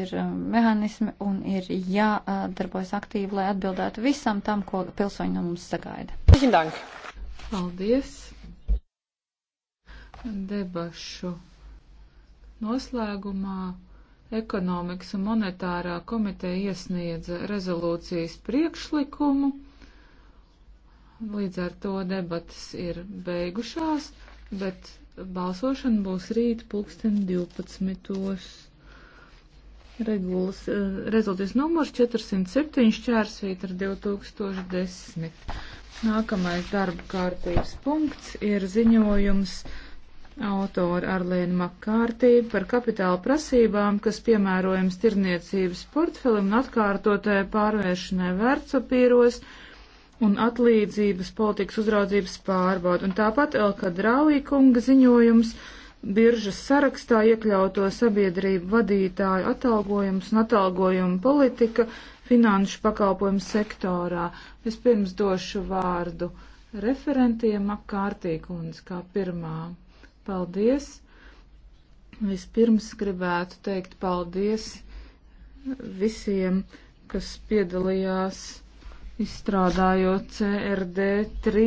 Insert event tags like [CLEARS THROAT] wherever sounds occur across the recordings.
ir um, mehānismi un ir jādarbojas aktīvi, lai atbildētu visam tam, ko pilsoņi no mums sagaida. Paldies! Debašu noslēgumā ekonomikas un monetārā komiteja iesniedza rezolūcijas priekšlikumu. Līdz ar to debatas ir beigušās, bet balsošana būs rīt pulksten 12. Regulas eh, rezultāts numurs 407 šķērsvīt ar 2010. Nākamais darba kārtības punkts ir ziņojums autora Arlēna Makārtī par kapitāla prasībām, kas piemērojams tirniecības portfelim un atkārtotajai pārvēršanai vērtspapīros un atlīdzības politikas uzraudzības pārbaudu. Un tāpat Elka Drāvī kunga ziņojums biržas sarakstā iekļauto sabiedrību vadītāju atalgojums un atalgojuma politika finanšu pakalpojumu sektorā. Es pirms došu vārdu referentiem apkārtīkundz kā pirmā. Paldies! Vispirms gribētu teikt paldies visiem, kas piedalījās izstrādājot CRD 3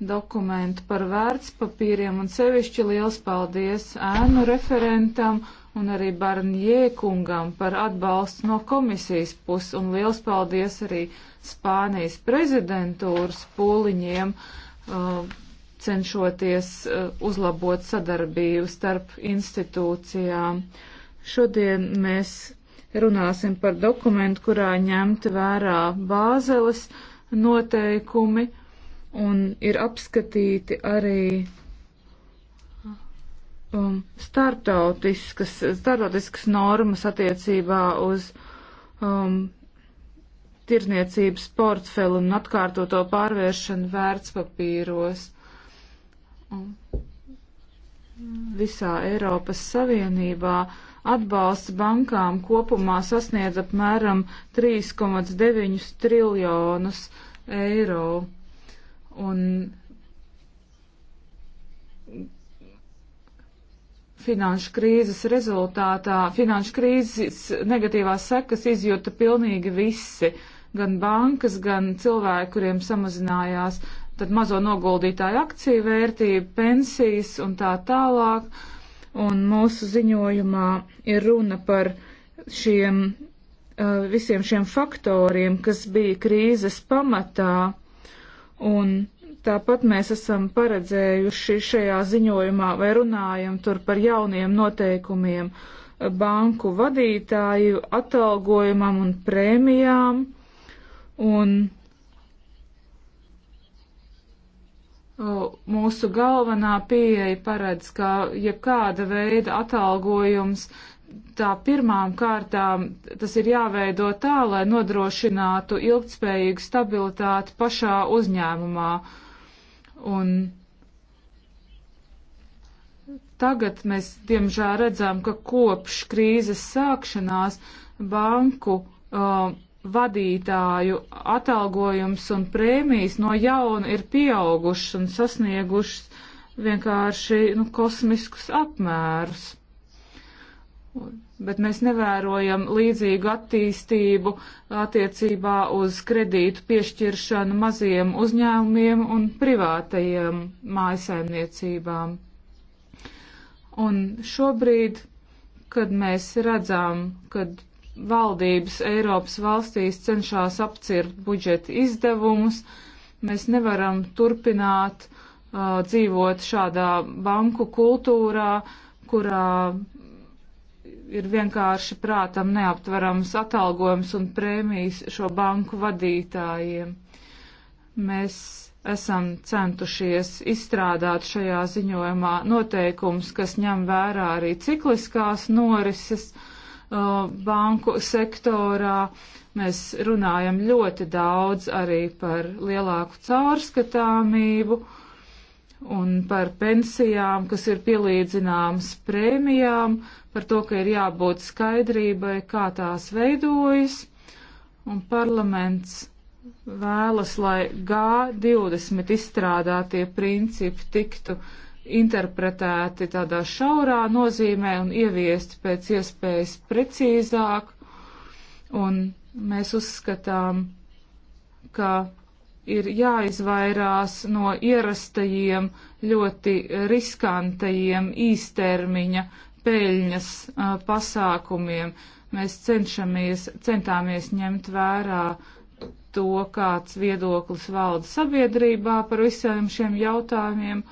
dokumentu par vērtspapīriem un sevišķi liels paldies ēnu referentam un arī Barnie kungam par atbalstu no komisijas puses un liels paldies arī Spānijas prezidentūras pūliņiem uh, cenšoties uh, uzlabot sadarbību starp institūcijām. Šodien mēs runāsim par dokumentu, kurā ņemti vērā bāzeles noteikumi un ir apskatīti arī um, startautiskas, startautiskas normas attiecībā uz um, tirniecības portfeli un atkārtoto pārvēršanu vērtspapīros. Um, visā Eiropas Savienībā atbalsts bankām kopumā sasniedz apmēram 3,9 triljonus eiro un finanšu krīzes rezultātā, finanšu krīzes negatīvās sekas izjūta pilnīgi visi, gan bankas, gan cilvēki, kuriem samazinājās tad mazo noguldītāju akciju vērtība, pensijas un tā tālāk. Un mūsu ziņojumā ir runa par šiem, uh, visiem šiem faktoriem, kas bija krīzes pamatā Un tāpat mēs esam paredzējuši šajā ziņojumā vai runājam tur par jauniem noteikumiem banku vadītāju atalgojumam un prēmijām. Un mūsu galvenā pieeja paredz, ka jebkāda veida atalgojums tā pirmām kārtām tas ir jāveido tā, lai nodrošinātu ilgtspējīgu stabilitāti pašā uzņēmumā. Un tagad mēs diemžēl redzam, ka kopš krīzes sākšanās banku uh, vadītāju atalgojums un prēmijas no jauna ir pieaugušas un sasniegušas vienkārši nu, kosmiskus apmērus bet mēs nevērojam līdzīgu attīstību attiecībā uz kredītu piešķiršanu maziem uzņēmumiem un privātajiem mājasaimniecībām. Un šobrīd, kad mēs redzam, kad valdības Eiropas valstīs cenšas apcirkt budžeta izdevumus, mēs nevaram turpināt uh, dzīvot šādā banku kultūrā, kurā ir vienkārši prātam neaptverams atalgojums un prēmijas šo banku vadītājiem. Mēs esam centušies izstrādāt šajā ziņojumā noteikums, kas ņem vērā arī cikliskās norises uh, banku sektorā. Mēs runājam ļoti daudz arī par lielāku caurskatāmību. Uh, un par pensijām, kas ir pielīdzināmas prēmijām, par to, ka ir jābūt skaidrībai, kā tās veidojas, un parlaments vēlas, lai G20 izstrādātie principi tiktu interpretēti tādā šaurā nozīmē un ieviesti pēc iespējas precīzāk, un mēs uzskatām, ka ir jāizvairās no ierastajiem ļoti riskantajiem īstermiņa peļņas uh, pasākumiem. Mēs cenšamies, centāmies ņemt vērā to, kāds viedoklis valda sabiedrībā par visiem šiem jautājumiem,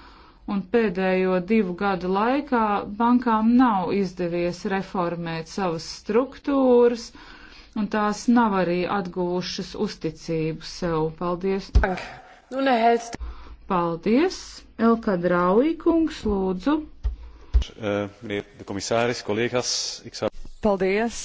un pēdējo divu gadu laikā bankām nav izdevies reformēt savas struktūras, uh, un tās nav arī atguvušas uzticību sev. Paldies! Nu, Paldies! Elka Draujkungs, lūdzu! Eh, Paldies!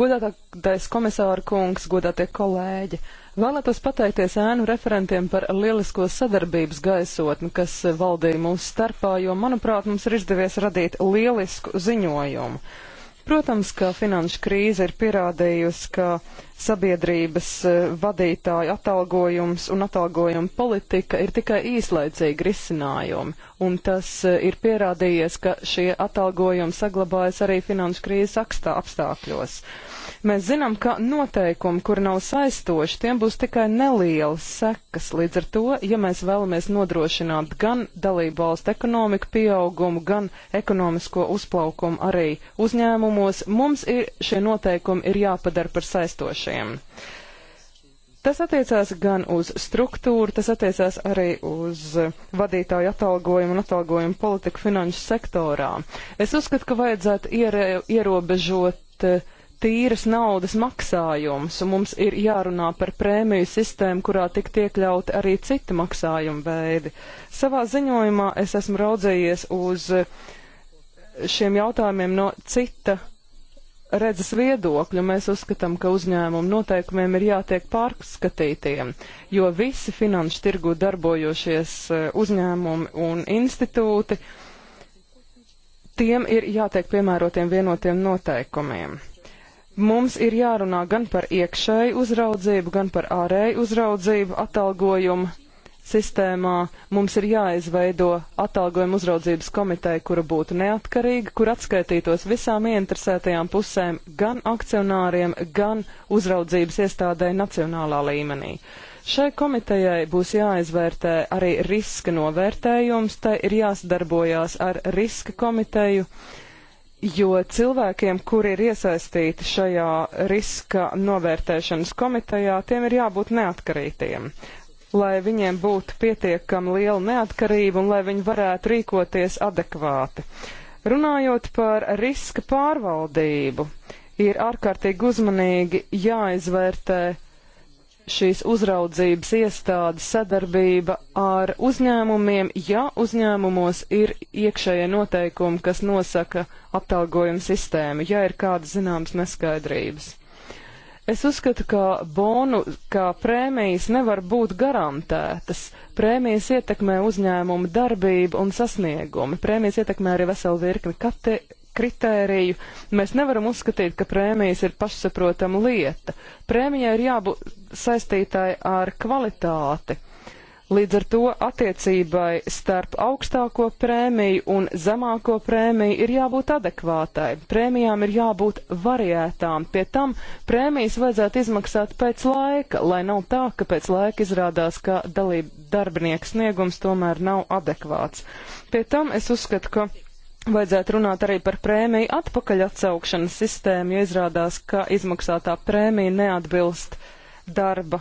Godātais komisāra kungs, godātie kolēģi! Vēlētos pateikties ēnu referentiem par lielisko sadarbības gaisotni, kas valdīja mūsu starpā, jo, manuprāt, mums ir izdevies radīt lielisku ziņojumu. Protams, ka finanšu krīze ir pierādījusi, ka sabiedrības e, vadītāju atalgojums un atalgojuma politika ir tikai īslaicīgi risinājumi, un tas e, ir pierādījies, ka šie atalgojumi saglabājas arī finanšu krīzes apstākļos. Uh, Mēs zinām, ka noteikumi, kur nav saistoši, tiem būs tikai nelielas sekas. Līdz ar to, ja mēs vēlamies nodrošināt gan dalību valstu ekonomiku pieaugumu, gan ekonomisko uzplaukumu arī uzņēmumos, mums ir, šie noteikumi ir jāpadara par saistošiem. Tas attiecās gan uz struktūru, tas attiecās arī uz vadītāju atalgojumu un atalgojumu politiku finanšu sektorā. Es uzskatu, ka vajadzētu iere, ierobežot uh, tīras naudas maksājums, un mums ir jārunā par prēmiju sistēmu, kurā tik iekļauti arī citi maksājumu veidi. Savā ziņojumā es esmu raudzējies uz šiem jautājumiem no cita redzes viedokļu. Mēs uzskatām, ka uzņēmumu noteikumiem ir jātiek pārskatītiem, jo visi finanšu tirgu darbojošies e, uzņēmumi un institūti, tiem ir jātiek piemērotiem vienotiem noteikumiem. Mums ir jārunā gan par iekšēju uzraudzību, gan par ārēju uzraudzību atalgojumu sistēmā. Mums ir jāizveido atalgojuma uzraudzības komiteja, kura būtu neatkarīga, kur atskaitītos visām ieinteresētajām pusēm, gan akcionāriem, gan uzraudzības iestādē nacionālā līmenī. Šai komitejai būs jāizvērtē arī riska novērtējums, tai ir jāsadarbojās ar riska komiteju. Uh, jo cilvēkiem, kuri ir iesaistīti šajā riska novērtēšanas komitejā, tiem ir jābūt neatkarītiem, lai viņiem būtu pietiekami liela neatkarība un lai viņi varētu rīkoties adekvāti. Runājot par riska pārvaldību, ir ārkārtīgi uzmanīgi jāizvērtē šīs uzraudzības iestādes sadarbība ar uzņēmumiem, ja uzņēmumos ir iekšējie noteikumi, kas nosaka atalgojuma sistēmu, ja ir kādas zināmas neskaidrības. Es uzskatu, ka bonu, kā prēmijas nevar būt garantētas. Prēmijas ietekmē uzņēmumu darbību un sasniegumu. Prēmijas ietekmē arī veselu virkni kate kritēriju. Mēs nevaram uzskatīt, ka prēmijas ir pašsaprotama lieta. Prēmijai ir jābūt saistītāji ar kvalitāti. Līdz ar to attiecībai starp augstāko prēmiju un zemāko prēmiju ir jābūt adekvātai. Prēmijām ir jābūt variētām. Pie tam prēmijas vajadzētu izmaksāt pēc laika, lai nav tā, ka pēc laika izrādās, ka dalība darbinieka sniegums tomēr nav adekvāts. Pie tam es uzskatu, ka Vajadzētu runāt arī par prēmiju atpakaļ atsaukšanas sistēmu, jo izrādās, ka izmaksātā prēmija neatbilst darba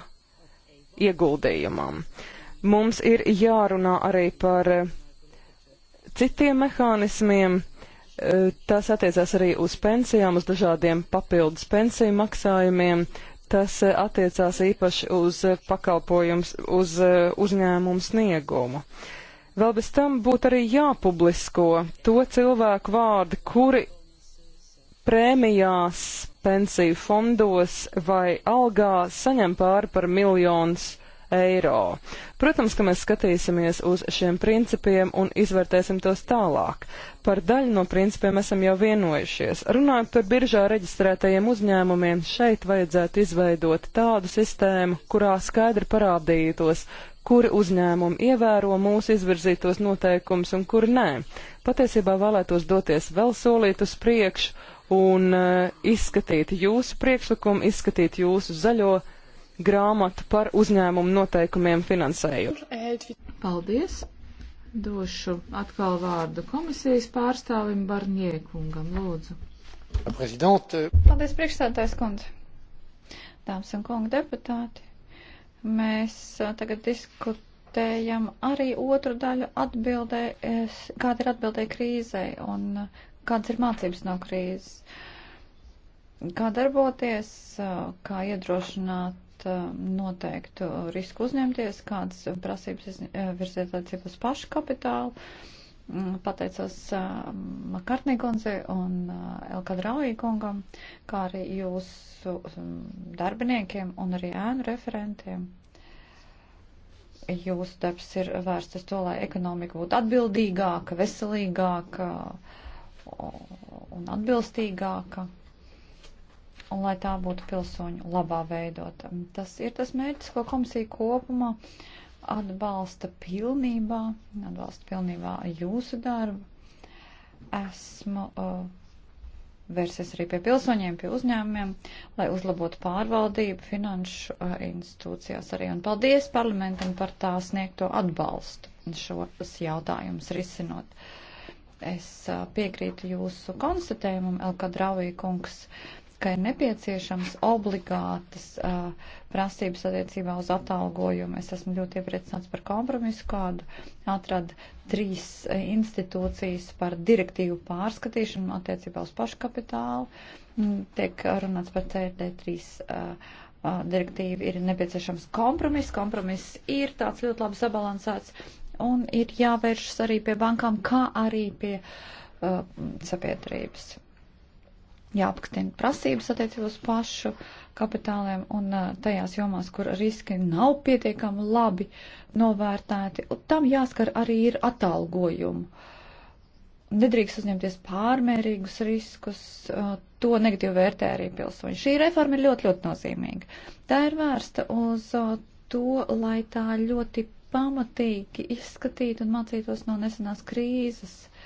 ieguldījumam. Mums ir jārunā arī par eh, citiem mehānismiem. Eh, tas attiecās arī uz pensijām, uz dažādiem papildus pensiju maksājumiem. Tas eh, attiecās īpaši uz pakalpojums, uz uzņēmumu sniegumu. Uh, Vēl bez tam būtu arī jāpublisko to cilvēku vārdi, kuri prēmijās, pensiju fondos vai algā saņem pāri par miljonus eiro. Protams, ka mēs skatīsimies uz šiem principiem un izvērtēsim tos tālāk. Par daļu no principiem esam jau vienojušies. Runājot par biržā reģistrētajiem uzņēmumiem, šeit vajadzētu izveidot tādu sistēmu, kurā skaidri parādītos, kuri uzņēmumi ievēro mūsu izvirzītos noteikumus un kuri nē. Patiesībā vēlētos doties vēl solīt uz priekšu un uh, izskatīt jūsu priekšlikumu, izskatīt jūsu zaļo grāmatu par uzņēmumu noteikumiem finansējumu. Paldies! Došu atkal vārdu komisijas pārstāvim Barniekungam, lūdzu. Paldies, priekšstādātais kundze. Dāmas un kungi deputāti. Mēs tagad diskutējam arī otru daļu atbildē, kāda ir atbildē krīzē un kādas ir mācības no krīzes. Kā darboties, kā iedrošināt noteiktu risku uzņemties, kādas prasības virziet attiecībā uz pašu kapitālu Mm, pateicos uh, Makartnī kundzei un uh, Elkadraujī kungam, kā arī jūsu um, darbiniekiem un arī ēnu referentiem. Jūsu darbs ir vērsts uz to, lai ekonomika būtu atbildīgāka, veselīgāka un atbilstīgāka, un lai tā būtu pilsoņu labā veidota. Tas ir tas mērķis, ko komisija kopumā uh, atbalsta pilnībā, atbalsta pilnībā jūsu darbu. Esmu uh, vērsies arī pie pilsoņiem, pie uzņēmumiem, lai uzlabotu pārvaldību finanšu uh, institūcijās arī. Un paldies parlamentam par tā sniegto atbalstu šos jautājumus risinot. Es uh, piekrītu jūsu konstatējumam, Elka Draujī kungs. Uh, ka ir nepieciešams obligātas uh, prasības attiecībā uz atalgojumu. Es esmu ļoti iepriecināts par kompromisu, kādu atrada trīs uh, institūcijas par direktīvu pārskatīšanu attiecībā uz paškapitālu. Mm, tiek runāts par CRD3 uh, uh, direktīvu. Ir nepieciešams kompromiss. Kompromiss ir tāds ļoti labi sabalansēts un ir jāvēršas arī pie bankām, kā arī pie uh, sabiedrības jāpakstien prasības attiecībā uz pašu kapitāliem un tajās jomās, kur riski nav pietiekami labi novērtēti. Un tam jāskar arī ir atalgojumu. Nedrīkst uzņemties pārmērīgus riskus, to negatīvi vērtē arī pilsoņi. Šī reforma ir ļoti, ļoti nozīmīga. Tā ir vērsta uz to, lai tā ļoti pamatīgi izskatītu un mācītos no nesenās krīzes. Uh,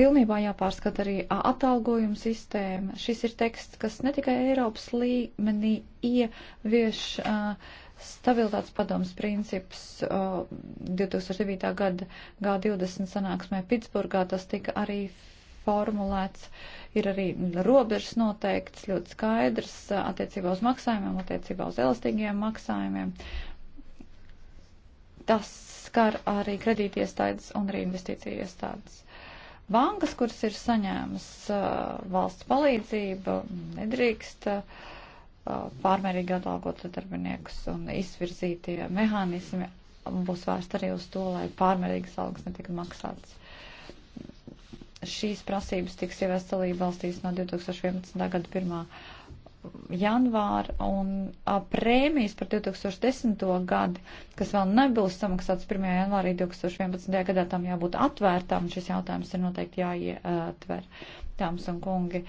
Pilnībā jāpārskata arī atalgojuma sistēma. Šis ir teksts, kas ne tikai Eiropas līmenī ievieš uh, stabilitātes padomas princips uh, 2009. gada G20 sanāksmē Pitsburgā. Tas tika arī formulēts, ir arī robežas noteikts, ļoti skaidrs uh, attiecībā uz maksājumiem, attiecībā uz elastīgiem maksājumiem. Tas skar arī kredītiestādes un arī investīcija iestādes Bankas, kuras ir saņēmas uh, valsts palīdzību, nedrīkst uh, pārmērīgi atalgot darbiniekus un izvirzītie mehānismi būs vērst arī uz to, lai pārmērīgas algas netika maksātas. Šīs prasības tiks ievest dalību valstīs no 2011. gada 1 janvāra un a, prēmijas par 2010. gadu, kas vēl nebūs samaksāts 1. janvārī 2011. gadā, tam jābūt atvērtām, un šis jautājums ir noteikti jāietver. Dāmas un kungi,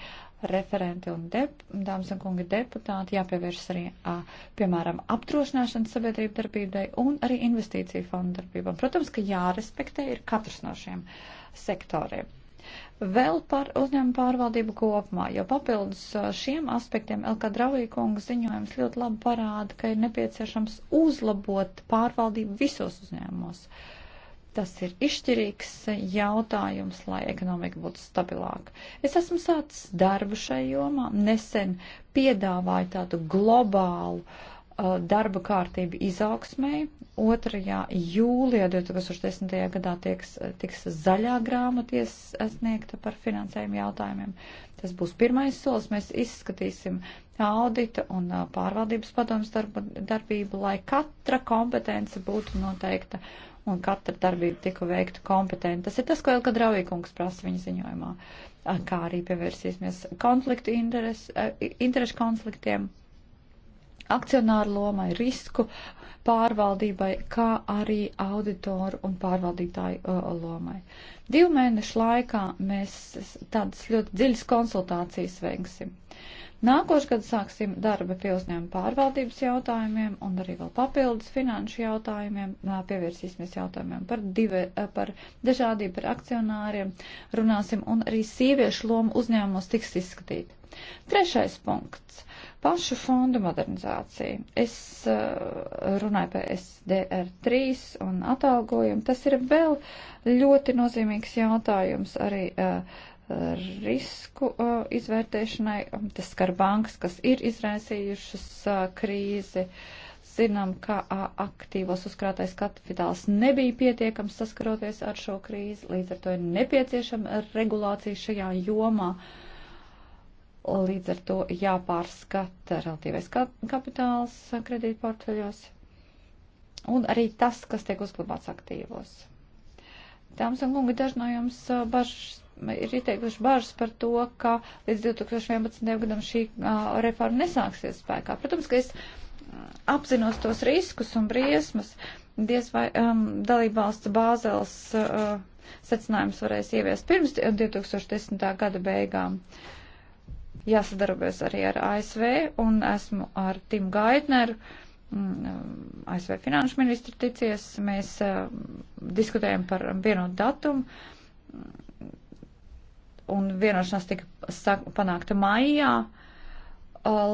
referenti un dep, dāmas un kungi deputāti jāpievēršas arī, a, piemēram, apdrošināšanas sabiedrību darbībai un arī investīciju fondu darbībām. Protams, ka jārespektē ir katrs no šiem sektoriem Vēl par uzņēmumu pārvaldību kopumā, jo papildus uh, šiem aspektiem Elka Draujīkunga ziņojums ļoti labi parāda, ka ir nepieciešams uzlabot pārvaldību visos uzņēmumos. Tas ir izšķirīgs jautājums, lai ekonomika būtu stabilāka. Es esmu sācis darbu šai jomā, nesen piedāvāju tādu globālu uh, Uh, darba kārtība izaugsmai. 2. jūlijā 2010. gadā tieks, tiks zaļā grāmata iesniegta par finansējumu jautājumiem. Tas būs pirmais solis. Mēs izskatīsim audita un uh, pārvaldības padomas darba, darbību, lai katra kompetence būtu noteikta un katra darbība tiku veikta kompetenti. Tas ir tas, ko Elka Draujīkungs prasa viņa ziņojumā, kā arī pievērsīsimies konfliktu interes, uh, interešu konfliktiem akcionāru lomai, risku pārvaldībai, kā arī auditoru un pārvaldītāju uh, lomai. Divu mēnešu laikā mēs tādas ļoti dziļas konsultācijas veiksim. Nākošu gadu sāksim darba pie uzņēmuma pārvaldības jautājumiem un arī vēl papildus finanšu jautājumiem. Pievērsīsimies jautājumiem par, divi, eh, par dažādību, par akcionāriem, runāsim un arī sieviešu lomu uzņēmumos tiks izskatīt. Trešais punkts pašu fondu modernizāciju. Es uh, runāju par SDR3 un atalgojumu. Tas ir vēl ļoti nozīmīgs jautājums arī uh, risku uh, izvērtēšanai. Tas skar bankas, kas ir izraisījušas uh, krīzi. Zinām, ka uh, aktīvos uzkrātais kapitāls nebija pietiekams saskaroties ar šo krīzi, līdz ar to ir nepieciešama regulācija šajā jomā. Uh, Līdz ar to jāpārskata relatīvais kapitāls kredītportfeļos un arī tas, kas tiek uzglabāts aktīvos. Dāmas un kungi, daži no jums uh, bažas, ir ieteikuši bažas par to, ka līdz 2011. gadam šī uh, reforma nesāksies spēkā. Protams, ka es uh, apzinos tos riskus un briesmas, diez vai um, dalībvalsts bāzels uh, secinājums varēs ieviest pirms 2010. gada beigām. Uh, jāsadarbojas arī ar ASV, un esmu ar Tim Gaitneru, mm, ASV finanšu ministru ticies. Mēs uh, diskutējam par vienotu datumu, un vienošanās tika panākta maijā eh,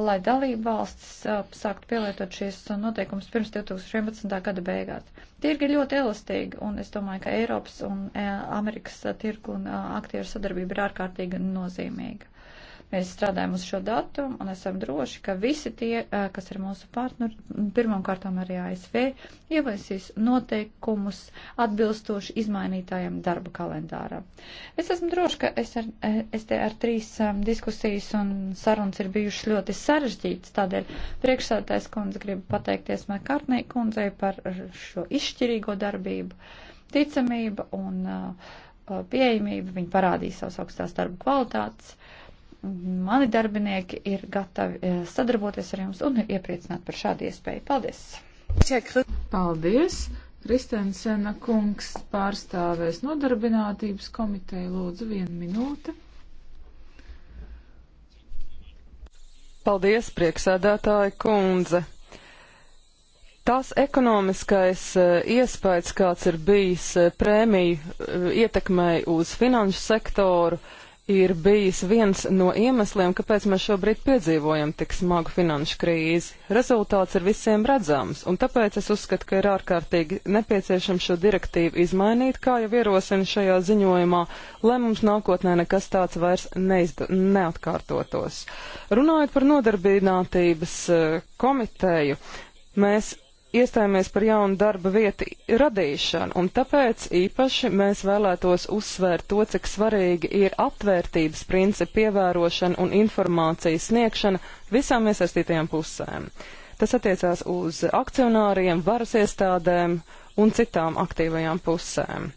lai dalība valsts eh, sāktu pielietot šīs noteikumus pirms 2011. gada beigās. Tirgi ir ļoti elastīgi, un es domāju, ka Eiropas un Amerikas tirgu un aktieru sadarbība ir ārkārtīgi nozīmīga. Mēs strādājam uz šo datumu un esam droši, ka visi tie, eh, kas ir mūsu partneri, pirmām kārtām arī ASV, ieviesīs noteikumus atbilstoši izmainītājiem darba kalendāram. Es esmu droši, ka STR3 eh, eh, diskusijas un sarunas ir bijušas ļoti sarežģītas, tādēļ priekšsēdētājs kundze grib pateikties Mekārtnei kundzei par šo izšķirīgo darbību, ticamību un uh, pieejamību, viņi parādīja savas augstās darba kvalitātes mani darbinieki ir gatavi eh, sadarboties ar jums un ir iepriecināti par šādu iespēju. Paldies! Paldies! Kristensena kungs pārstāvēs nodarbinātības komiteju. Lūdzu, vienu minūti. Paldies, prieksēdētāja kundze! Tās ekonomiskais eh, iespējas, kāds ir bijis eh, prēmiju ietekmei uz finanšu sektoru, uh, ir bijis viens no iemesliem, kāpēc mēs šobrīd piedzīvojam tik smagu finanšu krīzi. Rezultāts ir visiem redzams, un tāpēc es uzskatu, ka ir ārkārtīgi nepieciešams šo direktīvu izmainīt, kā jau ierosina šajā ziņojumā, lai mums nākotnē nekas tāds vairs neizda, neatkārtotos. Runājot par nodarbinātības eh, komiteju, mēs iestājāmies par jaunu darba vietu radīšanu, un tāpēc īpaši mēs vēlētos uzsvērt to, cik svarīgi ir atvērtības principu ievērošana un informācijas sniegšana visām iesaistītajām pusēm. Tas attiecās uz akcionāriem, varas iestādēm un citām aktīvajām pusēm.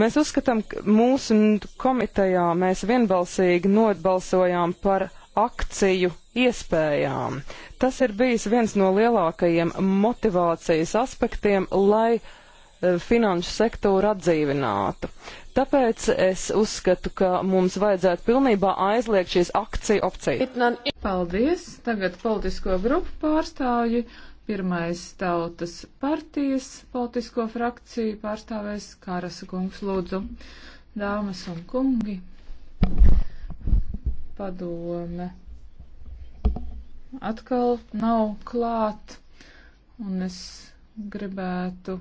Mēs uzskatām, ka mūsu komitejā mēs vienbalsīgi notbalsojām par akciju iespējām. Tas ir bijis viens no lielākajiem motivācijas aspektiem, lai e, finanšu sektoru atdzīvinātu. Tāpēc es uzskatu, ka mums vajadzētu pilnībā aizliegt šīs akciju opcijas. Paldies! Tagad politisko grupu pārstāvju. Pirmais tautas partijas politisko frakciju pārstāvēs Kārasa kungs lūdzu. Dāmas un kungi, padome atkal nav klāt, un es gribētu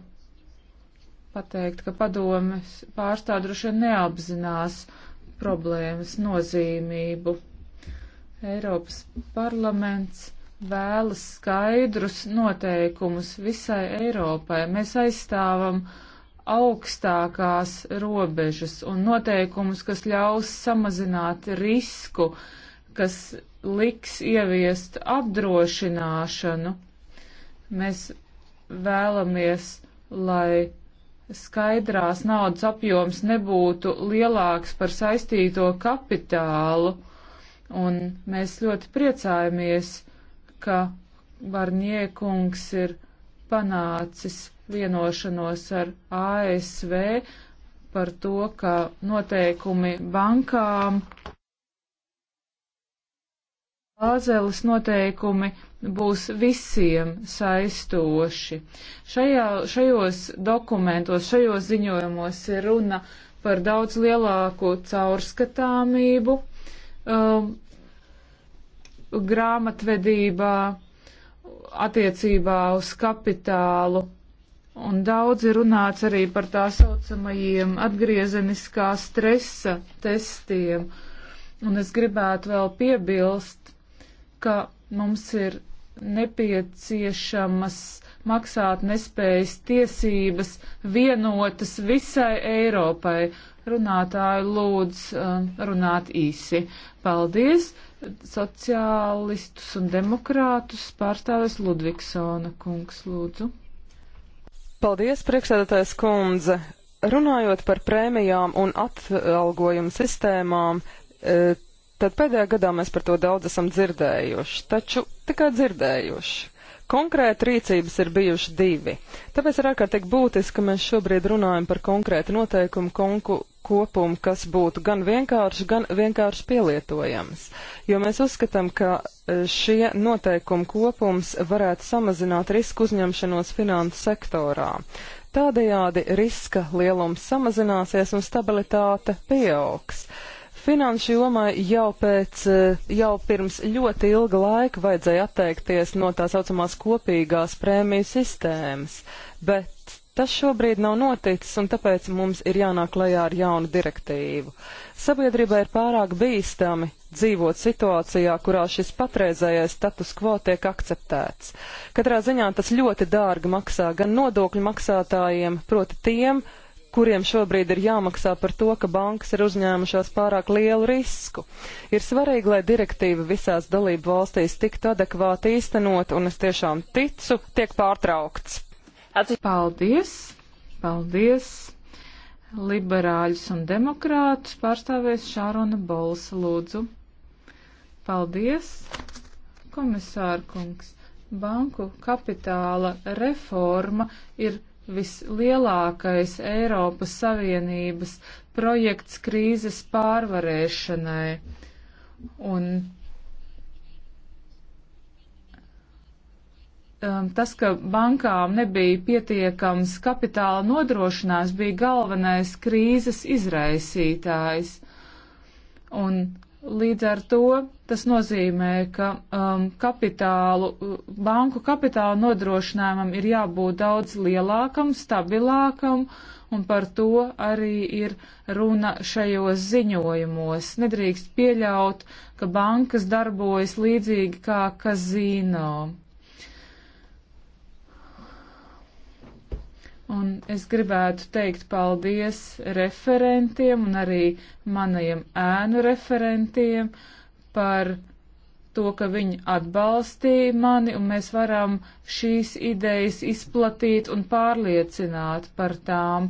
pateikt, ka padomes pārstādruši neapzinās problēmas nozīmību. Eiropas parlaments vēlas skaidrus noteikumus visai Eiropai. Mēs aizstāvam augstākās robežas un noteikumus, kas ļaus samazināt risku, kas liks ieviest apdrošināšanu. Mēs vēlamies, lai skaidrās naudas apjoms nebūtu lielāks par saistīto kapitālu, un mēs ļoti priecājamies, ka Barņiekungs ir panācis vienošanos ar ASV par to, ka noteikumi bankām Bāzeles noteikumi būs visiem saistoši. Šajā, šajos dokumentos, šajos ziņojumos ir runa par daudz lielāku caurskatāmību um, grāmatvedībā, attiecībā uz kapitālu. Un daudz ir runāts arī par tā saucamajiem atgriezeniskā stresa testiem. Un es gribētu vēl piebilst, ka mums ir nepieciešamas maksāt nespējas tiesības vienotas visai Eiropai. Runātāju lūdz um, runāt īsi. Paldies! Sociālistus un demokrātus pārstāvis Ludvigsona kungs lūdzu. Paldies, priekšsēdētājs kundze! Runājot par prēmijām un atalgojumu sistēmām, e, Tad pēdējā gadā mēs par to daudz esam dzirdējuši, taču tikai dzirdējuši. Konkrēti rīcības ir bijuši divi. Tāpēc ir ārkārtīgi būtiski, ka mēs šobrīd runājam par konkrētu noteikumu konku kopumu, kas būtu gan vienkārši, gan vienkārši pielietojams. Jo mēs uzskatām, ka e, šie noteikumu kopums varētu samazināt risku uzņemšanos finansu sektorā. Tādējādi riska lielums samazināsies un stabilitāte pieaugs. Finanšu jomai jau, pēc, eh, jau pirms ļoti ilga laika vajadzēja atteikties no tā saucamās kopīgās prēmiju sistēmas, bet tas šobrīd nav noticis un tāpēc mums ir jānāk lajā ar jaunu direktīvu. Sabiedrībai ir pārāk bīstami dzīvot situācijā, kurā šis patreizējais status quo tiek akceptēts. Katrā ziņā tas ļoti dārgi maksā gan nodokļu maksātājiem, proti tiem, kuriem šobrīd ir jāmaksā par to, ka bankas ir uzņēmušās pārāk lielu risku. Ir svarīgi, lai direktīva visās dalību valstīs tiktu adekvāti īstenot, un es tiešām ticu, tiek pārtraukts. Paldies! Paldies! Liberāļus un demokrātus pārstāvēs Šārona Bolsa lūdzu. Paldies, komisārkungs! Banku kapitāla reforma ir vislielākais Eiropas Savienības projekts krīzes pārvarēšanai. Un um, tas, ka bankām nebija pietiekams kapitāla nodrošinājums, bija galvenais krīzes izraisītājs. Un Līdz ar to tas nozīmē, ka um, kapitālu, banku kapitāla nodrošinājumam ir jābūt daudz lielākam, stabilākam, un par to arī ir runa šajos ziņojumos. Nedrīkst pieļaut, ka bankas darbojas līdzīgi kā kazino. Un es gribētu teikt paldies referentiem un arī manajiem ēnu referentiem par to, ka viņi atbalstīja mani un mēs varam šīs idejas izplatīt un pārliecināt par tām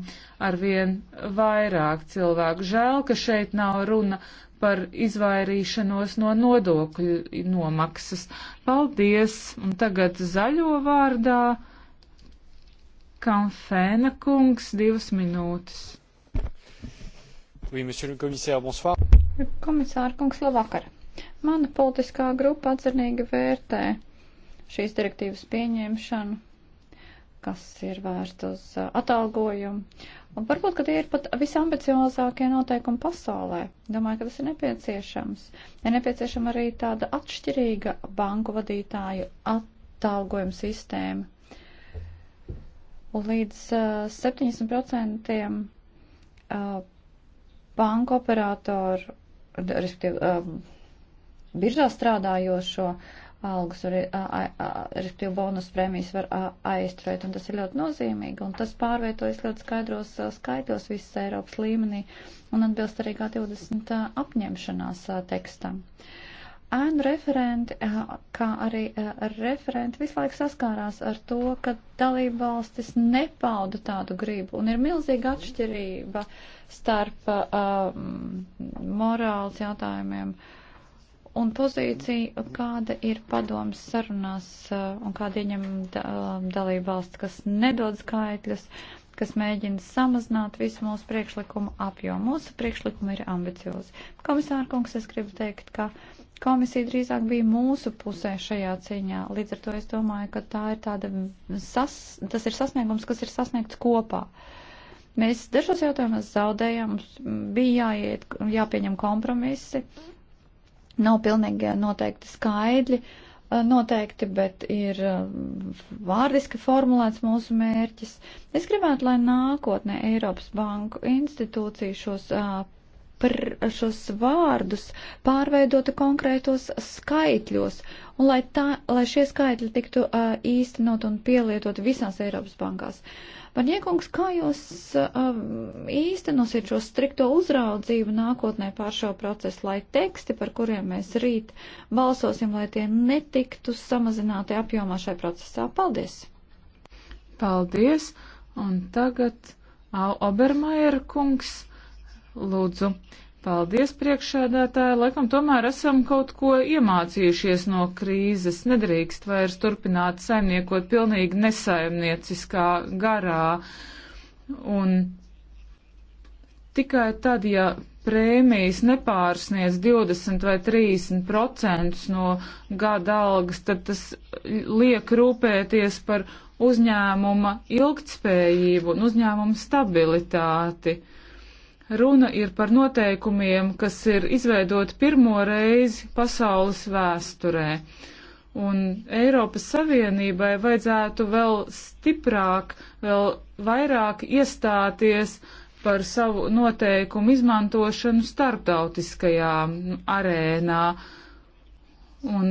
arvien vairāk cilvēku. Žēl, ka šeit nav runa par izvairīšanos no nodokļu nomaksas. Paldies! Un tagad zaļo vārdā. Kamfēna kungs, divas minūtes. Oui, monsieur le commissaire, bonsoir. Komisāra kungs, labvakar. Mana politiskā grupa atzinīgi vērtē šīs direktīvas pieņemšanu, kas ir vērsta uz uh, atalgojumu. Un varbūt, ka tie ir pat visambiciozākie noteikumi pasaulē. Domāju, ka tas ir nepieciešams. Ir nepieciešama arī tāda atšķirīga banku vadītāju atalgojuma sistēma. Līdz uh, 70% uh, banku operatoru, respektīvi, uh, biržā strādājošo algas, respektīvi bonus prēmijas var aizturēt, un tas ir ļoti nozīmīgi, un tas pārvietojas ļoti skaidros skaitļos visas Eiropas līmenī, un atbilst arī kā 20 apņemšanās tekstam. Uh, ēnu referenti, eh, kā arī eh, referenti visu laiku saskārās ar to, ka dalība valstis nepauda tādu gribu. Un ir milzīga atšķirība starp um, morāls jautājumiem un pozīciju, kāda ir padomas sarunās un kāda ieņem dalība valsts, kas nedod skaitļus kas mēģina samazināt visu mūsu priekšlikumu apjomu. Mūsu priekšlikumi ir ambiciozi. Komisāra kungs, es gribu teikt, ka uh, Komisija drīzāk bija mūsu pusē šajā cīņā. Līdz ar to es domāju, ka tā ir tāda sas, tas ir sasniegums, kas ir sasniegts kopā. Mēs dažos jautājumos zaudējām, bija jāiet, jāpieņem kompromisi, nav pilnīgi noteikti skaidri, eh, noteikti, bet ir eh, vārdiski formulēts mūsu mērķis. Es gribētu, lai nākotnē Eiropas Banku institūcija šos eh, par šos vārdus pārveidota konkrētos skaitļos, un lai, tā, lai šie skaitļi tiktu uh, īstenot un pielietot visās Eiropas bankās. Varņiekungs, kā jūs uh, īstenosiet šo strikto uzraudzību nākotnē pār šo procesu, lai teksti, par kuriem mēs rīt balsosim, lai tie netiktu samazināti apjomā šai procesā? Paldies! Paldies! Un tagad Obermajer kungs Lūdzu. Paldies, priekšsēdētāji. Laikam tomēr esam kaut ko iemācījušies no krīzes. Nedrīkst vairs turpināt saimniekot pilnīgi nesaimnieciskā garā. Un tikai tad, ja prēmijas nepārsniec 20 vai 30 procentus no gada algas, tad tas liek rūpēties par uzņēmuma ilgtspējību un uzņēmuma stabilitāti. Runa ir par noteikumiem, kas ir izveidoti pirmo reizi pasaules vēsturē. Un Eiropas Savienībai vajadzētu vēl stiprāk, vēl vairāk iestāties par savu noteikumu izmantošanu starptautiskajā arēnā. Un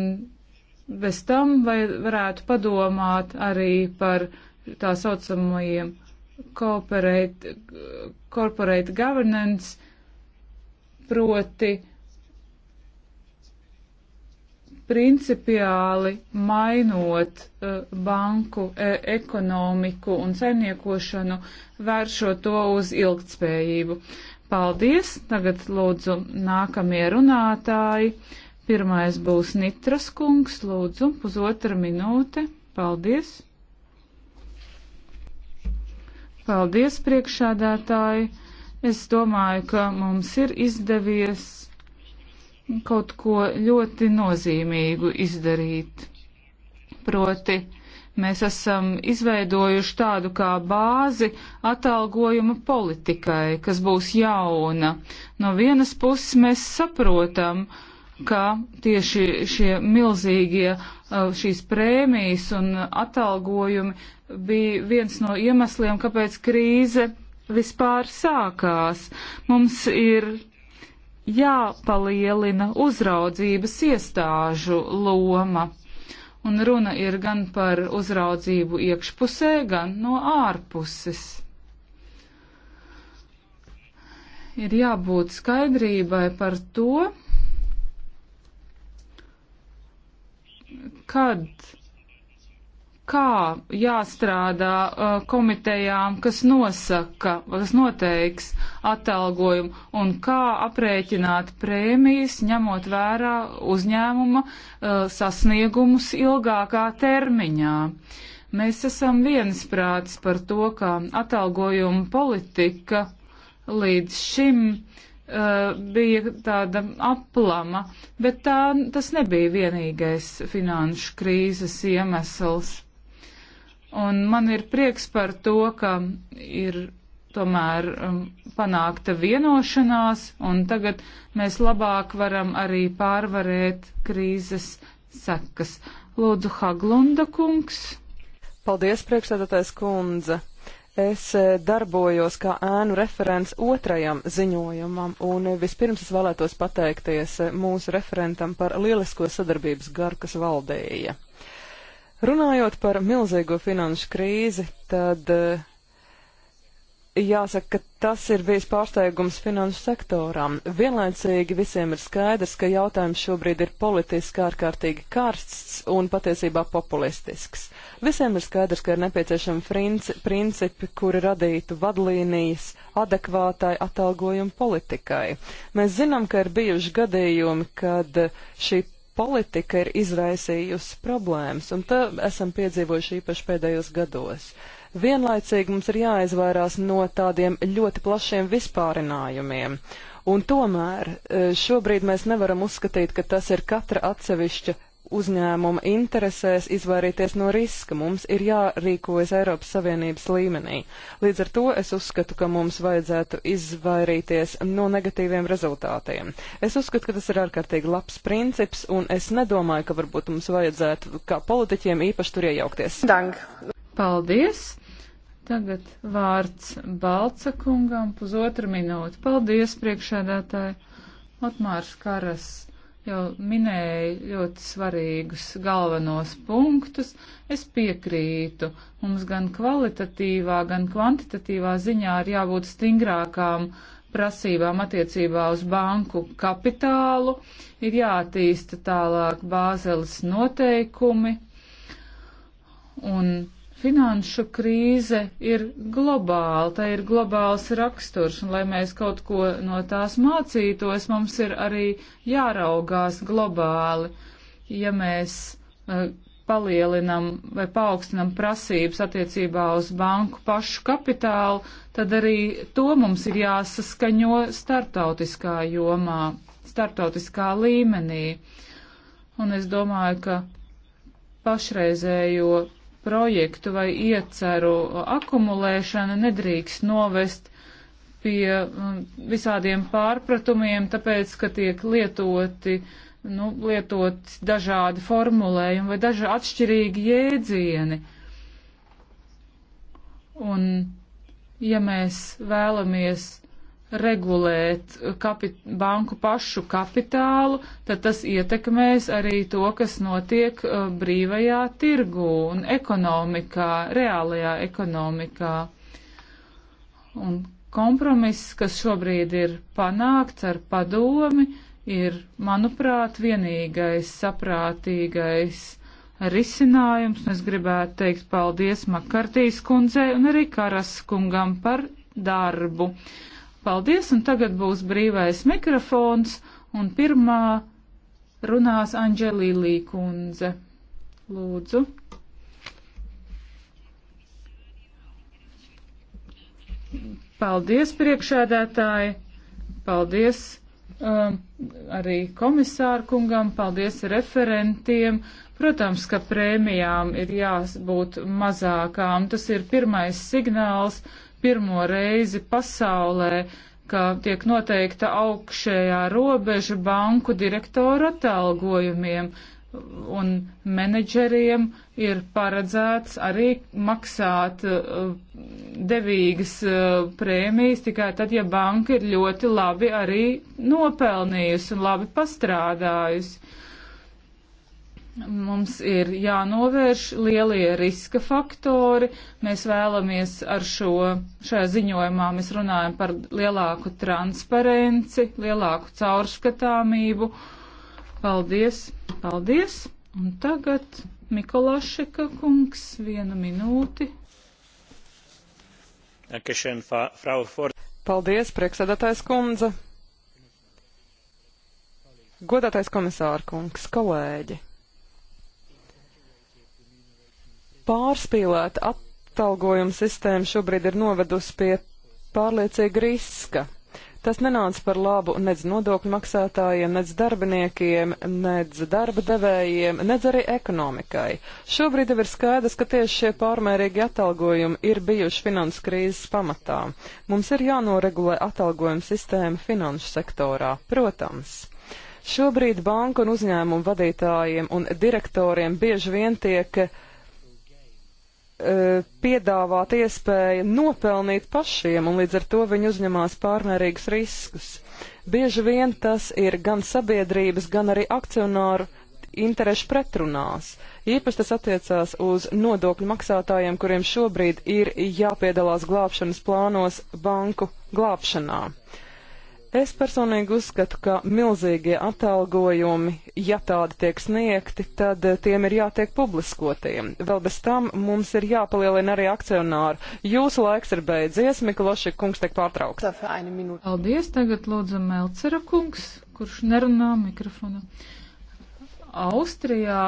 bez tam vai varētu padomāt arī par tā saucamajiem corporate, corporate governance, proti principiāli mainot uh, banku e ekonomiku un saimniekošanu, vēršot to uz ilgtspējību. Paldies! Tagad lūdzu nākamie runātāji. Pirmais būs Nitras kungs, lūdzu, pusotra minūte. Paldies! Paldies, priekšādātāji. Es domāju, ka mums ir izdevies kaut ko ļoti nozīmīgu izdarīt. Proti, mēs esam izveidojuši tādu kā bāzi atalgojuma politikai, kas būs jauna. No vienas puses mēs saprotam, ka tieši šie milzīgie šīs prēmijas un atalgojumi bija viens no iemesliem, kāpēc krīze vispār sākās. Mums ir jāpalielina uzraudzības iestāžu loma. Un runa ir gan par uzraudzību iekšpusē, gan no ārpuses. Ir jābūt skaidrībai par to, kad, kā jāstrādā uh, komitejām, kas nosaka, kas noteiks atalgojumu un kā aprēķināt prēmijas, ņemot vērā uzņēmuma uh, sasniegumus ilgākā termiņā. Mēs esam viensprāts par to, ka atalgojuma politika līdz šim Eh, bija tāda aplama, bet tā, tas nebija vienīgais finanšu krīzes iemesls. Un man ir prieks par to, ka ir tomēr um, panākta vienošanās, un tagad mēs labāk varam arī pārvarēt krīzes sekas. Lūdzu, Haglunda kungs. Paldies, priekšsēdētājs kundze. Es eh, darbojos kā ēnu referents otrajam ziņojumam, un eh, vispirms es vēlētos pateikties eh, mūsu referentam par lielisko sadarbības garu, kas valdēja. Runājot par milzīgo finanšu krīzi, tad jāsaka, ka tas ir bijis pārsteigums finanšu sektoram. Vienlaicīgi visiem ir skaidrs, ka jautājums šobrīd ir politiski ārkārtīgi karsts un patiesībā populistisks. Visiem ir skaidrs, ka ir nepieciešami principi, kuri radītu vadlīnijas adekvātai atalgojuma politikai. Mēs zinām, ka ir bijuši gadījumi, kad šī politika ir izraisījusi problēmas, un to esam piedzīvojuši īpaši pēdējos gados. Vienlaicīgi mums ir jāizvairās no tādiem ļoti plašiem vispārinājumiem. Un tomēr eh, šobrīd mēs nevaram uzskatīt, ka tas ir katra atsevišķa uzņēmuma interesēs izvairīties no riska. Mums ir jārīkojas Eiropas Savienības līmenī. Līdz ar to es uzskatu, ka mums vajadzētu izvairīties no negatīviem rezultātiem. Es uzskatu, ka tas ir ārkārtīgi labs princips, un es nedomāju, ka varbūt mums vajadzētu kā politiķiem īpaši tur iejaukties. Dank. Paldies! Tagad vārds Balca kungam pusotra minūte. Paldies, priekšēdētāji! Otmārs Karas jau minēja ļoti svarīgus galvenos punktus. Es piekrītu, mums gan kvalitatīvā, gan kvantitatīvā ziņā ir jābūt stingrākām prasībām attiecībā uz banku kapitālu, ir jātīsta tālāk bāzeles noteikumi un Finanšu krīze ir globāla, tā ir globāls raksturs, un lai mēs kaut ko no tās mācītos, mums ir arī jāraugās globāli. Ja mēs uh, palielinam vai paaugstinam prasības attiecībā uz banku pašu kapitālu, tad arī to mums ir jāsaskaņo startautiskā jomā, startautiskā līmenī. Un es domāju, ka pašreizējo projektu vai ieceru akumulēšana nedrīkst novest pie um, visādiem pārpratumiem, tāpēc, ka tiek lietoti, nu, lietot dažādi formulējumi vai daži atšķirīgi jēdzieni. Un, ja mēs vēlamies regulēt kapit, banku pašu kapitālu, tad tas ietekmēs arī to, kas notiek uh, brīvajā tirgū un ekonomikā, reālajā ekonomikā. Un kompromiss, kas šobrīd ir panākts ar padomi, ir, manuprāt, vienīgais saprātīgais risinājums. Es gribētu teikt paldies Makartīs kundzei un arī Karas kungam par darbu. Uh, Paldies, un tagad būs brīvais mikrofons, un pirmā runās Anģelīlī kundze. Lūdzu. Paldies, priekšēdētāji! Paldies um, arī komisāru kungam, paldies referentiem. Protams, ka prēmijām ir jābūt mazākām. Tas ir pirmais signāls, pirmo reizi pasaulē, ka tiek noteikta augšējā robeža banku direktoru atalgojumiem un menedžeriem ir paredzēts arī maksāt uh, devīgas uh, prēmijas tikai tad, ja banka ir ļoti labi arī nopelnījusi un labi pastrādājusi. Mums ir jānovērš lielie riska faktori. Mēs vēlamies ar šo, šajā ziņojumā mēs runājam par lielāku transparenci, lielāku caurskatāmību. Paldies, paldies. Un tagad Mikolašeka kungs, viena minūti. Paldies, priekšsēdētājs kundze. Godātais komisāra kungs, kolēģi. pārspīlēta atalgojuma sistēma šobrīd ir novedusi pie pārliecīga riska. Tas nenāca par labu nedz nodokļu maksātājiem, nedz darbiniekiem, nedz darba devējiem, nedz arī ekonomikai. Šobrīd jau ir skaidrs, ka tieši šie pārmērīgi atalgojumi ir bijuši finanses krīzes pamatā. Mums ir jānoregulē atalgojuma sistēma finanšu sektorā, protams. Šobrīd banku un uzņēmumu vadītājiem un direktoriem bieži vien tiek uh, E, piedāvāt iespēju nopelnīt pašiem, un līdz ar to viņi uzņemās pārmērīgus riskus. Bieži vien tas ir gan sabiedrības, gan arī akcionāru interešu pretrunās. Īpaši tas attiecās uz nodokļu maksātājiem, kuriem šobrīd ir jāpiedalās glābšanas plānos banku glābšanā. Es personīgi uzskatu, ka milzīgie atalgojumi, ja tādi tiek sniegti, tad eh, tiem ir jātiek publiskotiem. Vēl bez tam mums ir jāpalielina arī akcionāri. Jūsu laiks ir beidzies, Mikloši kungs tiek pārtraukts. Paldies, tagad lūdzam Melcera kungs, kurš nerunā mikrofonu. Austrijā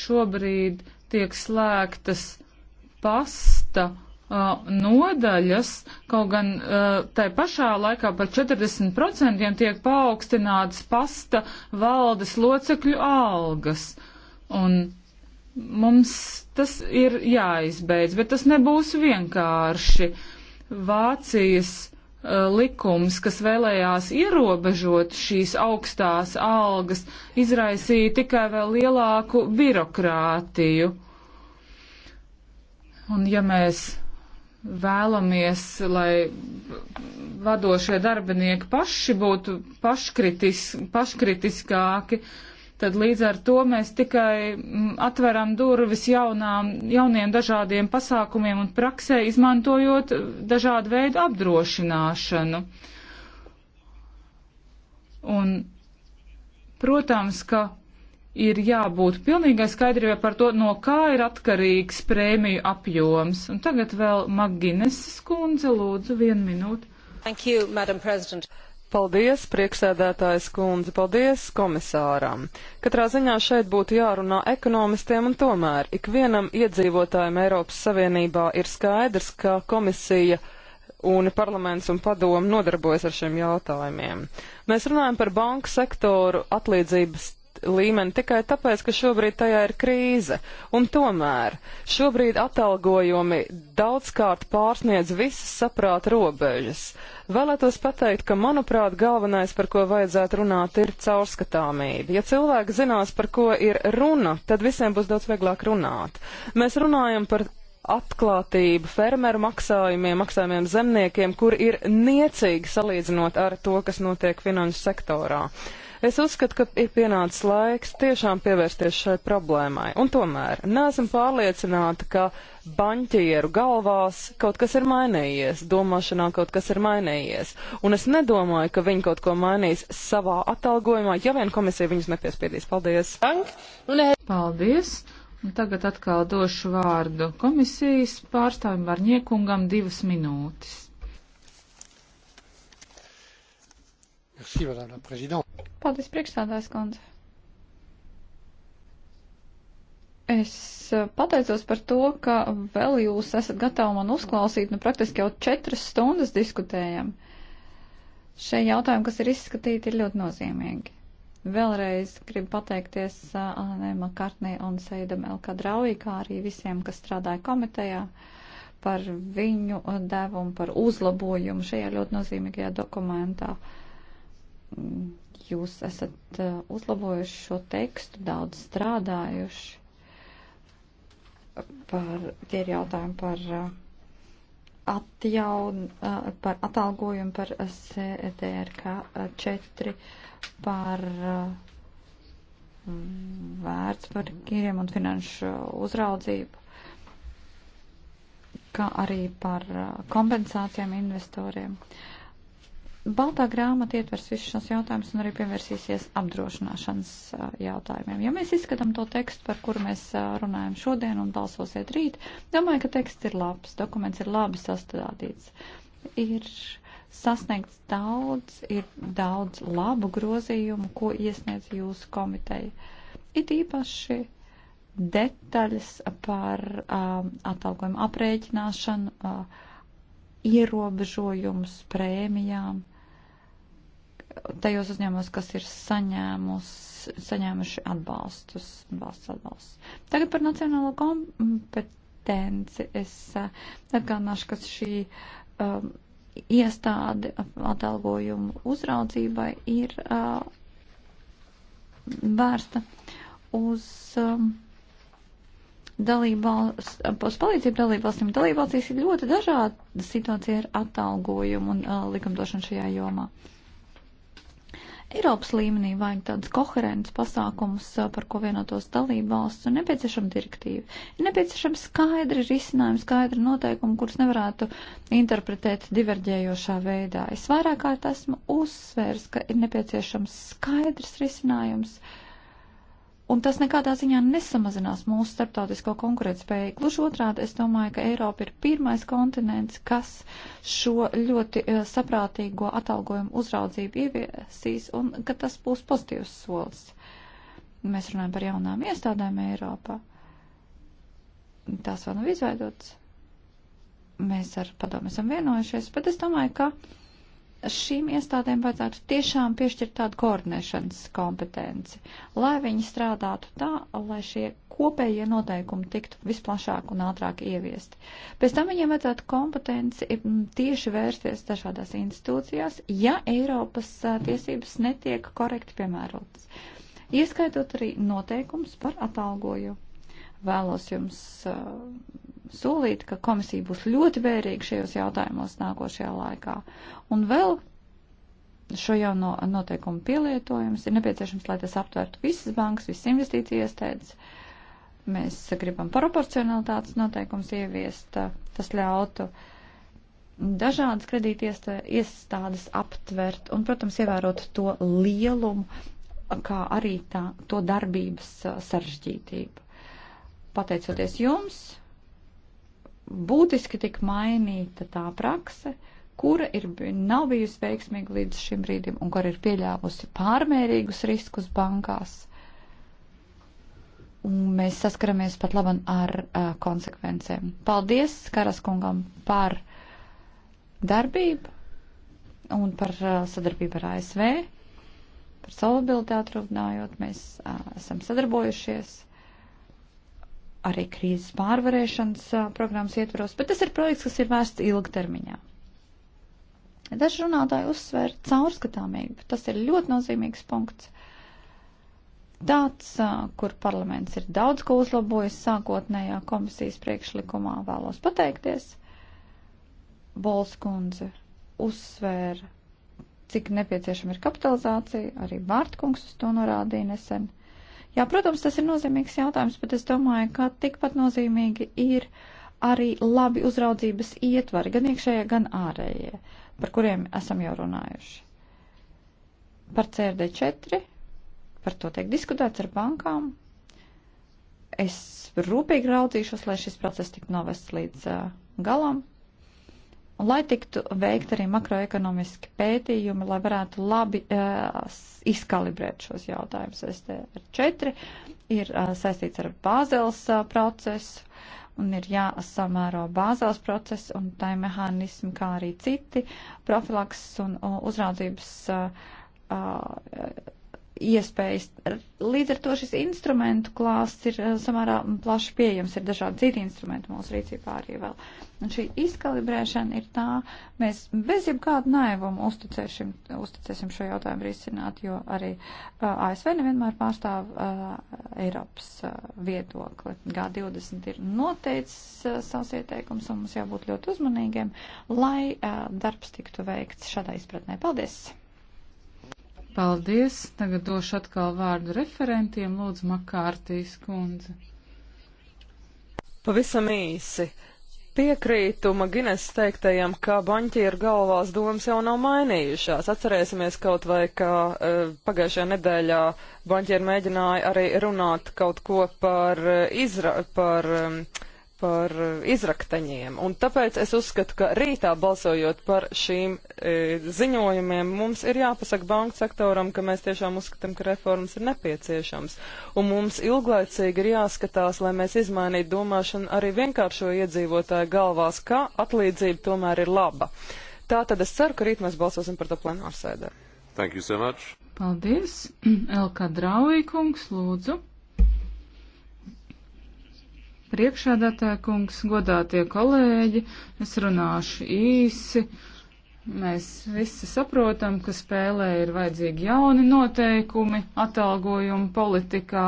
šobrīd tiek slēgtas pasta nodaļas, kaut gan tai pašā laikā par 40% tiek paaugstināts pasta valdes locekļu algas. Un mums tas ir jāizbeidz, bet tas nebūs vienkārši. Vācijas likums, kas vēlējās ierobežot šīs augstās algas, izraisīja tikai vēl lielāku birokrātiju. Un ja mēs vēlamies, lai vadošie darbinieki paši būtu paškritis, paškritiskāki, tad līdz ar to mēs tikai mm, atveram durvis jaunām, jauniem dažādiem pasākumiem un praksē, izmantojot dažādu veidu apdrošināšanu. Un, protams, ka ir jābūt pilnīgai skaidrībai par to, no kā ir atkarīgs prēmiju apjoms. Un tagad vēl Magines skundze, lūdzu, vienu minūtu. Thank you, Madam President. Paldies, priekšsēdētājs kundze, paldies komisāram. Katrā ziņā šeit būtu jārunā ekonomistiem un tomēr ikvienam iedzīvotājiem Eiropas Savienībā ir skaidrs, ka komisija un parlaments un padomu nodarbojas ar šiem jautājumiem. Mēs runājam par banku sektoru atlīdzības līmeni tikai tāpēc, ka šobrīd tajā ir krīze. Un tomēr šobrīd atalgojumi daudzkārt pārsniedz visas saprāta robežas. Vēlētos pateikt, ka, manuprāt, galvenais, par ko vajadzētu runāt, ir caurskatāmība. Ja cilvēki zinās, par ko ir runa, tad visiem būs daudz vieglāk runāt. Mēs runājam par atklātību fermeru maksājumiem, maksājumiem zemniekiem, kur ir niecīgi salīdzinot ar to, kas notiek finanšu sektorā. Uh, Es uzskatu, ka ir pienācis laiks tiešām pievērsties šai problēmai. Un tomēr neesam pārliecināti, ka baņķieru galvās kaut kas ir mainījies, domāšanā kaut kas ir mainījies. Un es nedomāju, ka viņi kaut ko mainīs savā atalgojumā, ja vien komisija viņus nepiespiedīs. Paldies! Paldies! Un tagad atkal došu vārdu komisijas pārstāvim Varņiekungam divas minūtes. Merci, madame la prezidente. Paldies, priekšstādājs kundze. Es eh, pateicos par to, ka vēl jūs esat gatavi man uzklausīt, nu praktiski jau četras stundas diskutējam. Šie jautājumi, kas ir izskatīti, ir ļoti nozīmīgi. Vēlreiz gribu pateikties Alanai eh, Makartnei un Seidam Elkadraujī, kā arī visiem, kas strādāja komitejā par viņu devumu, par uzlabojumu šajā ļoti nozīmīgajā dokumentā. Uh, jūs esat eh, uzlabojuši šo tekstu, daudz strādājuši. Par, tie ir jautājumi par eh, atjaun, eh, par atalgojumu, par CDRK e 4, par mm, vērts par kīriem un finanšu uzraudzību, kā arī par kompensācijām investoriem. Uh, Baltā grāmata ietvers visus šos jautājumus un arī pievērsīsies apdrošināšanas jautājumiem. Ja mēs izskatām to tekstu, par kuru mēs runājam šodien un balsosiet rīt, domāju, ka teksts ir labs, dokuments ir labi sastādīts. Ir sasniegts daudz, ir daudz labu grozījumu, ko iesniedz jūsu komiteja. It īpaši detaļas par um, atalgojumu aprēķināšanu, uh, ierobežojumus prēmijām tajos uzņēmumos, kas ir saņēmus, saņēmuši atbalstus, valsts atbalsts. Tagad par nacionālo kompetenci es eh, atgādināšu, ka šī um, iestāde atalgojumu uzraudzībai ir uh, vērsta uz. Um, dalībvalsts, uz palīdzību dalībvalstīm. Dalībvalstīs ir ļoti dažāda situācija ar atalgojumu un uh, likumdošanu šajā jomā. Uh, Eiropas līmenī vajag tādus koherentus pasākumus, par ko vienotos dalību valsts, un nepieciešama direktīva. Ir nepieciešama skaidra risinājuma, skaidra noteikuma, kurus nevarētu interpretēt diverģējošā veidā. Es vairāk kārt esmu uzsvērs, ka ir nepieciešams skaidrs risinājums. Uh, Un tas nekādā ziņā nesamazinās mūsu starptautisko konkurētspēju. Gluži otrādi, es domāju, ka Eiropa ir pirmais kontinents, kas šo ļoti eh, saprātīgo atalgojumu uzraudzību ieviesīs un ka tas būs pozitīvs solis. Mēs runājam par jaunām iestādēm Eiropā. Tās vēl nav izveidotas. Mēs ar padomu esam vienojušies, bet es domāju, ka šīm iestādēm vajadzētu tiešām piešķirt tādu koordinēšanas kompetenci, lai viņi strādātu tā, lai šie kopējie noteikumi tiktu visplašāk un ātrāk ieviesti. Pēc tam viņiem vajadzētu kompetenci mm, tieši vērsties dažādās institūcijās, ja Eiropas tiesības netiek korekti piemērotas. Ieskaitot arī noteikums par atalgojumu. Vēlos jums uh, solīt, ka komisija būs ļoti vērīga šajos jautājumos nākošajā laikā. Un vēl šo jauno noteikumu pielietojums ir nepieciešams, lai tas aptvērtu visas bankas, visas investīcijas iestēdes. Mēs gribam proporcionalitātes noteikums ieviest, uh, tas ļautu uh, dažādas kredīti iestādes aptvert un, protams, ievērot to lielumu, kā arī tā, to darbības uh, sarežģītību pateicoties jums, būtiski tika mainīta tā prakse, kura ir, nav bijusi veiksmīga līdz šim brīdim un kur ir pieļāvusi pārmērīgus riskus bankās. Un mēs saskaramies pat labam ar uh, konsekvencēm. Paldies Karaskungam par darbību un par uh, sadarbību ar ASV. Par solidaritāti runājot, mēs uh, esam sadarbojušies arī krīzes pārvarēšanas programmas ietvaros, bet tas ir projekts, kas ir vērsts ilgtermiņā. Daži runātāji uzsver caurskatāmību, tas ir ļoti nozīmīgs punkts. Tāds, kur parlaments ir daudz ko uzlabojis sākotnējā komisijas priekšlikumā, vēlos pateikties. Bolskundze uzsvēra, cik nepieciešama ir kapitalizācija, arī Bārtkungs uz to norādīja nesen Jā, protams, tas ir nozīmīgs jautājums, bet es domāju, ka tikpat nozīmīgi ir arī labi uzraudzības ietvari, gan iekšējie, gan ārējie, par kuriem esam jau runājuši. Par CRD4, par to tiek diskutēts ar bankām. Es rūpīgi raudzīšos, lai šis process tiktu novests līdz uh, galam, Un, lai tiktu veikt arī makroekonomiski pētījumi, lai varētu labi uh, izkalibrēt šos jautājumus. STR4 ir uh, saistīts ar Bāzels uh, procesu un ir jāsamēro Bāzels procesu un tai mehānismi, kā arī citi profilaks un uh, uzraudzības. Uh, uh, iespējas. Līdz ar to šis instrumentu klāsts ir eh, samērā plaši pieejams, ir dažādi citi instrumenti mūsu rīcībā arī vēl. Un šī izkalibrēšana ir tā, mēs bez jebkāda naivumu uzticēsim, uzticēsim šo jautājumu risināt, jo arī uh, eh, ASV nevienmēr pārstāv uh, Eiropas uh, viedokli. G20 ir noteicis uh, savus ieteikumus, un mums jābūt ļoti uzmanīgiem, lai uh, darbs tiktu veikts šādā izpratnē. Paldies! Paldies. Tagad došu atkal vārdu referentiem. Lūdzu, Makārtīs kundze. Pavisam īsi. Piekrītu Magines teiktajam, ka banķieru galvās domas jau nav mainījušās. Atcerēsimies kaut vai, ka e, pagājušajā nedēļā banķieri mēģināja arī runāt kaut ko par, e, izra, par e, par eh, izraktaņiem. Un tāpēc es uzskatu, ka rītā balsojot par šīm e, ziņojumiem, mums ir jāpasaka banku sektoram, ka mēs tiešām uzskatām, ka reformas ir nepieciešams. Un mums ilglaicīgi ir jāskatās, lai mēs izmainītu domāšanu arī vienkāršo iedzīvotāju galvās, ka atlīdzība tomēr ir laba. Tā tad es ceru, ka rīt mēs balsosim par to plenārsēdē. Thank you so much. Paldies. [CLEARS THROAT] Elka Draujkungs, lūdzu. Priekšādātā kungs, godātie kolēģi, es runāšu īsi. Mēs visi saprotam, ka spēlē ir vajadzīgi jauni noteikumi atalgojuma politikā,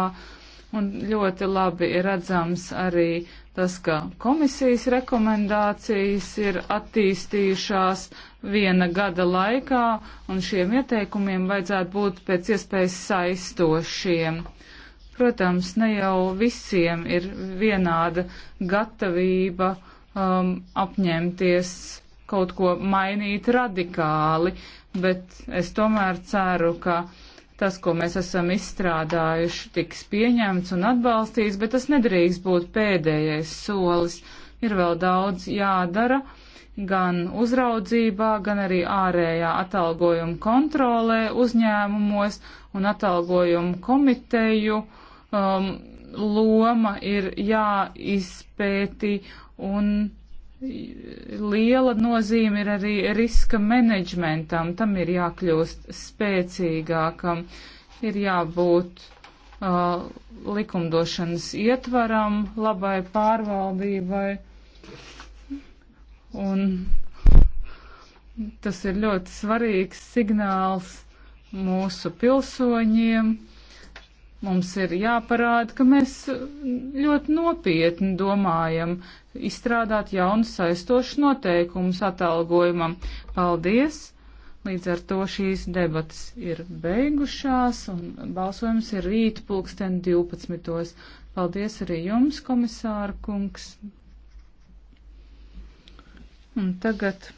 un ļoti labi ir redzams arī tas, ka komisijas rekomendācijas ir attīstījušās viena gada laikā, un šiem ieteikumiem vajadzētu būt pēc iespējas saistošiem. Protams, ne jau visiem ir vienāda gatavība um, apņemties kaut ko mainīt radikāli, bet es tomēr ceru, ka tas, ko mēs esam izstrādājuši, tiks pieņemts un atbalstīts, bet tas nedrīkst būt pēdējais solis. Ir vēl daudz jādara gan uzraudzībā, gan arī ārējā atalgojuma kontrolē uzņēmumos un atalgojuma komiteju um, loma ir jāizpēti un liela nozīme ir arī riska menedžmentam. Tam ir jākļūst spēcīgākam, ir jābūt uh, likumdošanas ietvaram, labai pārvaldībai. Un tas ir ļoti svarīgs signāls mūsu pilsoņiem. Mums ir jāparāda, ka mēs ļoti nopietni domājam izstrādāt jaunu saistošu noteikumus atalgojumam. Paldies! Līdz ar to šīs debatas ir beigušās un balsojums ir rīt pulksten 12. Paldies arī jums, komisāra kungs. Un tagad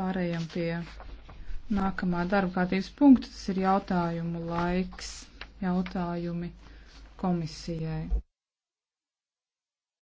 pārējām pie nākamā darba kārtības punkta, tas ir jautājumu laiks jautājumi komisijai.